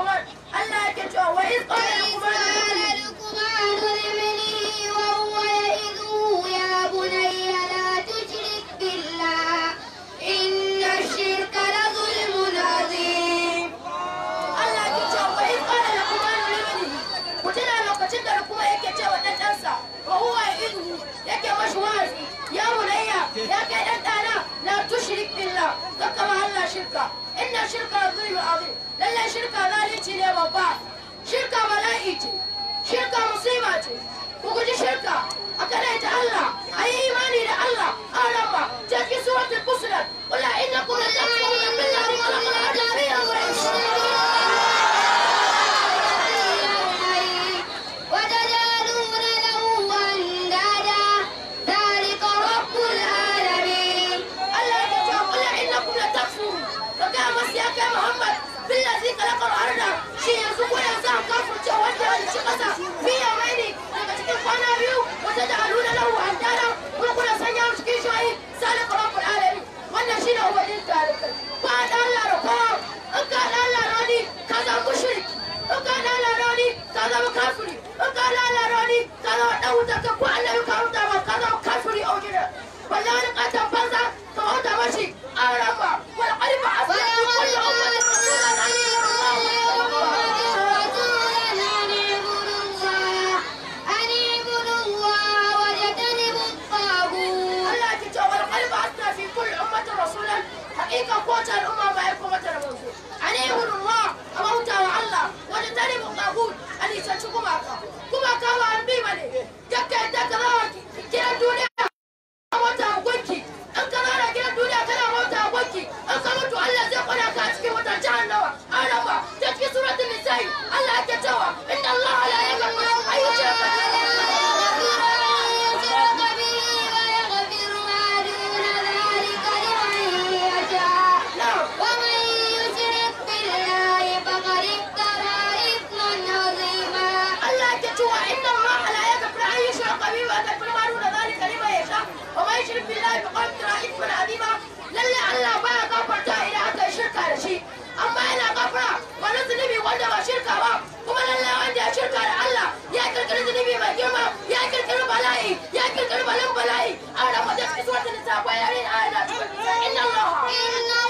لقمان الله يكتوى وإذ قال لقمان لابنه وهو يئذه يا da kuma yake cewa yake mashi ya ya kai dan dana la tushrik billah ma Allah shirka inna shirka zulmun azim lallai shirka zalici ne babba shirka bala'i ce shirka musulma ce ku guji shirka a kadaita Allah a yi imani da Allah an raba cikin suratul fusilat wala inna kullu kafurce wanda kasa daga kwana biyu an shine kowa zama mushriki in yushrik billahi faqad tara ithman azima Allah baya gafarta idan aka yi shirka da shi amma yana gafara wani zunubi wanda ba shirka ba kuma lallai wanda ya shirka da Allah ya kirkiri zunubi mai girma ya kirkiri bala'i ya kirkiri balin bala'i a ramadan iswatin ta bayanin ayat inna Allah inna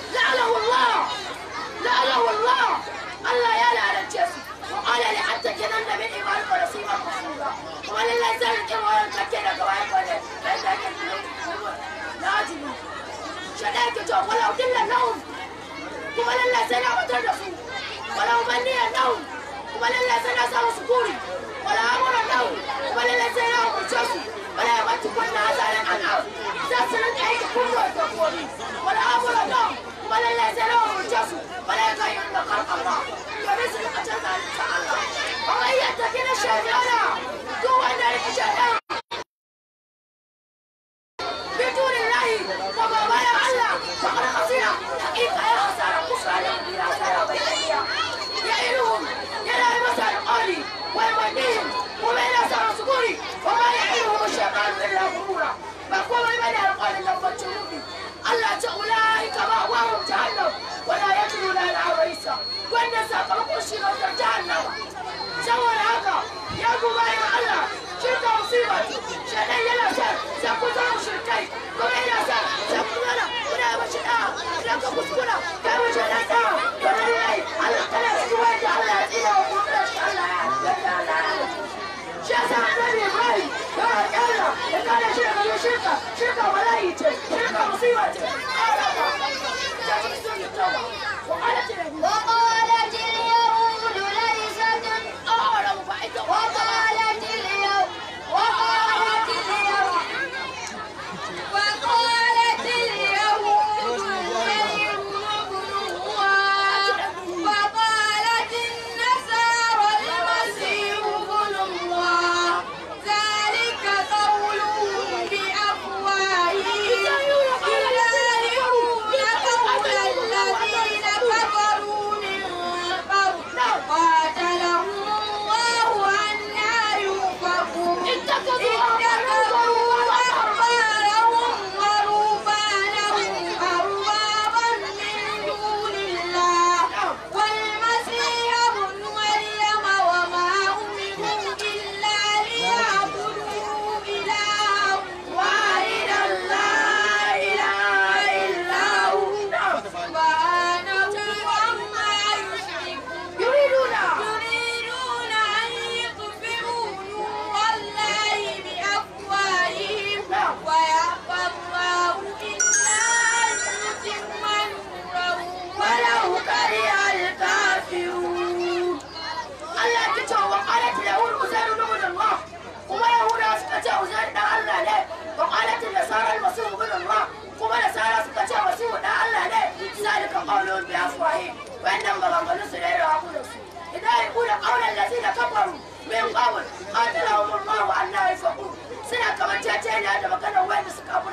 anda bien igual con los hijos posibles. ¿Cuál es la sal que voy a quiero que vaya con él? لازم شناكته ولو دل النوم ولا لا سنة مترفوا ولو بني النوم ولا لا سنة سوى سكوري ولا أمر النوم ولا لا سنة أمر ولا يمت كل هذا على الأنعام سنة أيك كل وقت wala gurura ba komai bane alƙawarin lambacin rubi Allah ce ulaika ba wa hum jahannam wala yatluna na awaisa wannan sakamakon shi ne jahannama saboda haka ya kuma bayan Allah shi ta musiba ne yana sa sai ku zama shirkai kuma yana sa sai ku zama kuna yi mashi ɗa idan ka kuskura kai wa shaɗan ɗa Allah kana Allah ya tsira wa kuma Allah ya da Allah shi sa annabi Ibrahim shirka da shirka shirka shirka wala'i ce shirka musiba ce Allah ne wa qalat an-nasara al-masih ibn Allah kuma suka ce masihu dan Allah ne zalika qawluhum bi afwahihim wannan maganganun su ne da hakunan su idan ya kuna qawlan lazina kafaru min qawl qatalahum Allah wa anna yafqun suna kamar cece da maganar wanda suka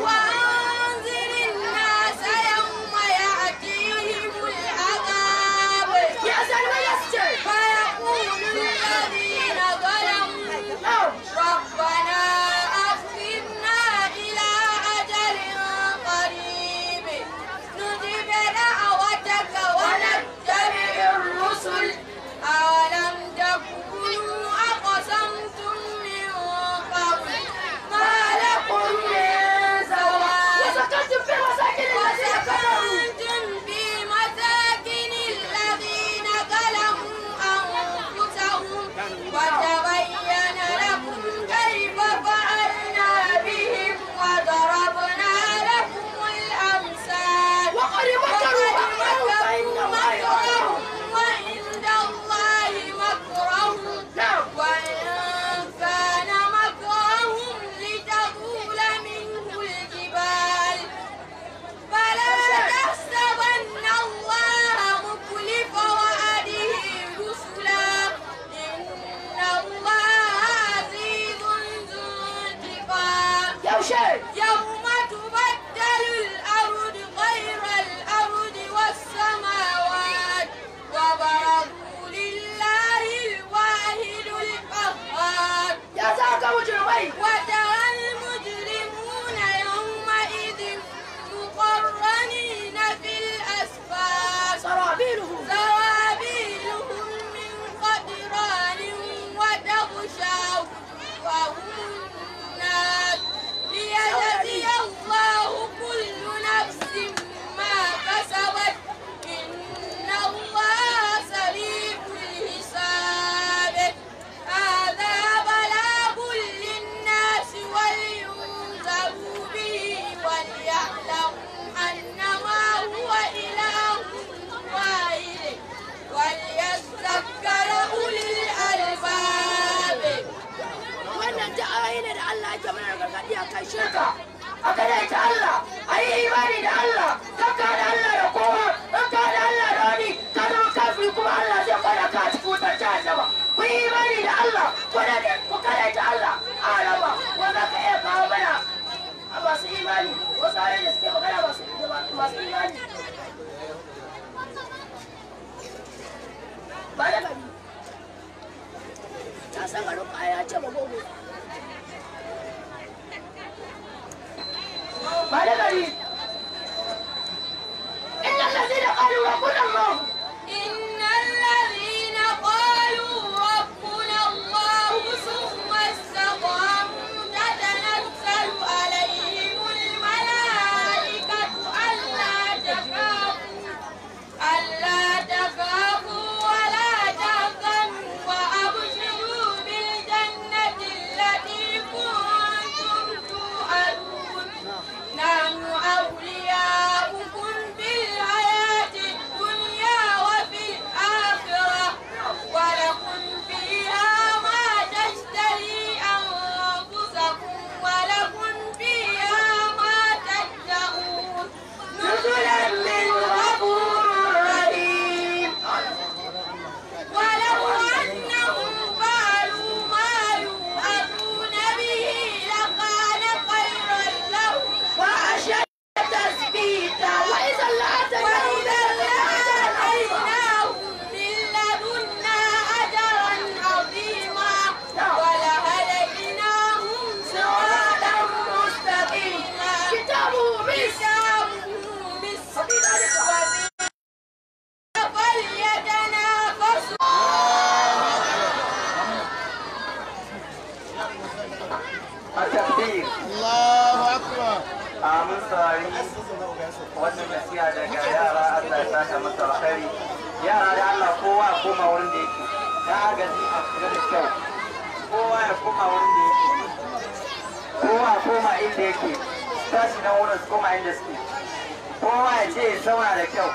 Wow. kuna da ku karaita Allah a rama ko ka iya kawo mana masu imani wasu ayoyi da suke magana masu imani ba da gari ta san garin ya ce magogo ba da gari إن الذين قالوا ربنا الله a industry kowa ya ce da kyau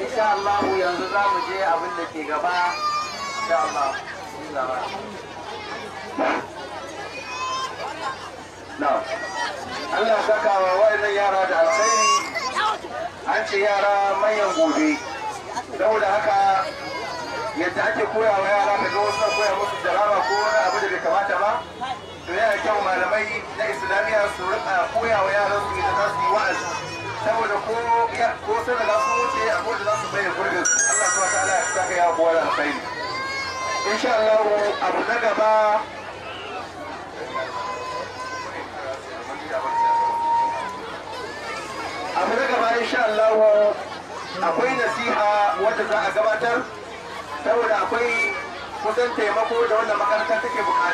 insha Allah yanzu za mu je abin da ke gaba insha Allah Allah saka wa wa'annan yara da alkhairi an ce yara manyan gobe saboda haka yadda ake koya wa yara ka ga wasu koya musu jaraba ko wani abu da bai kamata ba to yana kyau malamai na islami koya wa yaran su da su saboda ko ko wuce a da su bayyana gurbin Allah ta ta'ala ya saka ya da insha Allah abu na gaba abu na gaba insha Allah akwai nasiha wadda za a gabatar saboda akwai kusan taimako da wannan makarantar take bukata